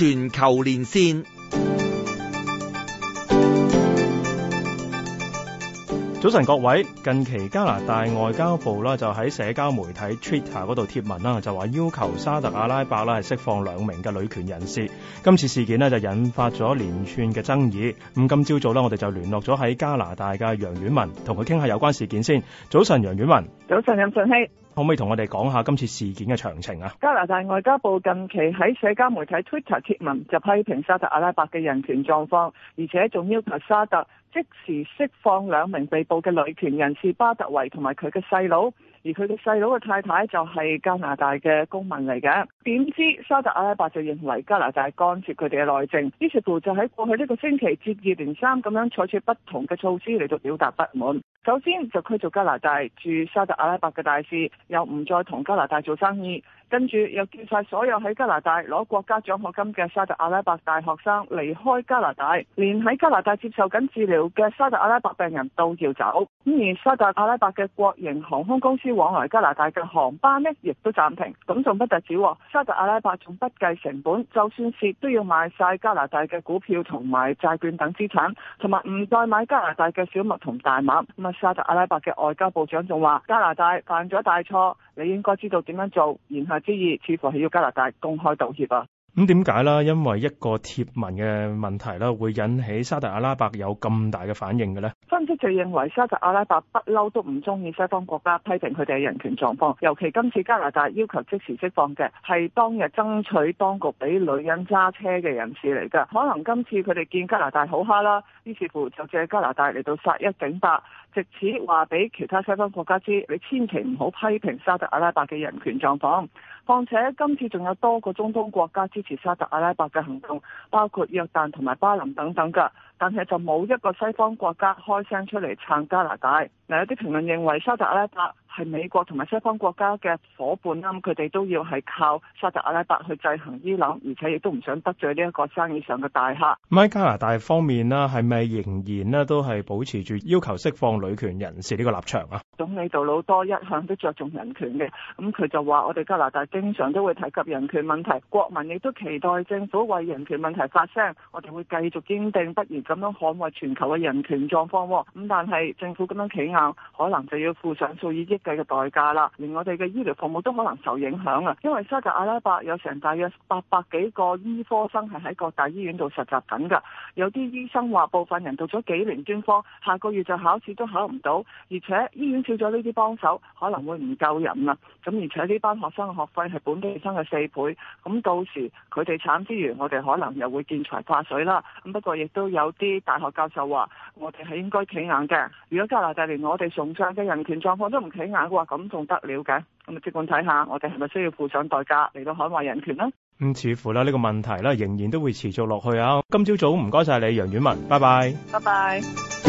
全球連線，早晨各位。近期加拿大外交部啦就喺社交媒體 Twitter 嗰度貼文啦，就話要求沙特阿拉伯啦係釋放兩名嘅女權人士。今次事件呢就引發咗連串嘅爭議。咁今朝早咧我哋就聯絡咗喺加拿大嘅楊婉文，同佢傾下有關事件先。早晨，楊婉文。早晨，任順熙。可唔可以同我哋講下今次事件嘅詳情啊？加拿大外交部近期喺社交媒體 Twitter 貼文，就批評沙特阿拉伯嘅人權狀況，而且仲要求沙特即時釋放兩名被捕嘅女權人士巴特維同埋佢嘅細佬，而佢嘅細佬嘅太太就係加拿大嘅公民嚟嘅。點知沙特阿拉伯就認為加拿大干涉佢哋嘅內政，於是乎就喺過去呢個星期接二連三咁樣採取不同嘅措施嚟到表達不滿。首先就驅逐加拿大駐沙特阿拉伯嘅大使，又唔再同加拿大做生意，跟住又叫晒所有喺加拿大攞國家獎學金嘅沙特阿拉伯大學生離開加拿大，連喺加拿大接受緊治療嘅沙特阿拉伯病人都要走。咁而沙特阿拉伯嘅國營航空公司往來加拿大嘅航班呢亦都暫停。咁仲不特止喎，沙特阿拉伯仲不計成本，就算蝕都要賣晒加拿大嘅股票同埋債券等資產，同埋唔再買加拿大嘅小麥同大麥。沙特阿拉伯嘅外交部長仲話，加拿大犯咗大錯，你應該知道點樣做。言下之意，似乎係要加拿大公開道歉啊！咁點解啦？因為一個貼文嘅問題啦，會引起沙特阿拉伯有咁大嘅反應嘅呢？分析就認為沙特阿拉伯不嬲都唔中意西方國家批評佢哋嘅人權狀況，尤其今次加拿大要求即時釋放嘅係當日爭取當局俾女人揸車嘅人士嚟㗎。可能今次佢哋見加拿大好蝦啦，於是乎就借加拿大嚟到殺一儆百，藉此話俾其他西方國家知，你千祈唔好批評沙特阿拉伯嘅人權狀況。況且今次仲有多個中東國家知，支持沙特阿拉伯嘅行動，包括約旦同埋巴林等等嘅，但係就冇一個西方國家開聲出嚟撐加拿大。嗱，有啲評論認為沙特阿拉伯，係美國同埋西方國家嘅伙伴啦，咁佢哋都要係靠沙特阿拉伯去制衡伊朗，而且亦都唔想得罪呢一個生意上嘅大客。喺加拿大方面咧，係咪仍然咧都係保持住要求釋放女權人士呢個立場啊？總理杜魯多一向都着重人權嘅，咁、嗯、佢就話：我哋加拿大經常都會提及人權問題，國民亦都期待政府為人權問題發聲。我哋會繼續堅定不移咁樣捍衞全球嘅人權狀況。咁、嗯、但係政府咁樣企硬，可能就要付上數以億嘅代價啦，連我哋嘅醫療服務都可能受影響啊！因為沙特阿拉伯有成大約八百幾個醫科生係喺各大醫院度實習緊噶，有啲醫生話部分人讀咗幾年專科，下個月就考試都考唔到，而且醫院少咗呢啲幫手，可能會唔夠人啦。咁而且呢班學生嘅學費係本地生嘅四倍，咁到時佢哋慘之餘，我哋可能又會見財化水啦。咁不過亦都有啲大學教授話，我哋係應該企硬嘅。如果加拿大連我哋崇尚嘅人權狀況都唔企，眼話咁仲得了嘅，咁啊即管睇下，我哋係咪需要付上代價嚟到捍衛人權啦。咁似乎啦，呢、這個問題咧仍然都會持續落去啊！今朝早唔該晒你，楊婉文，拜拜，拜拜。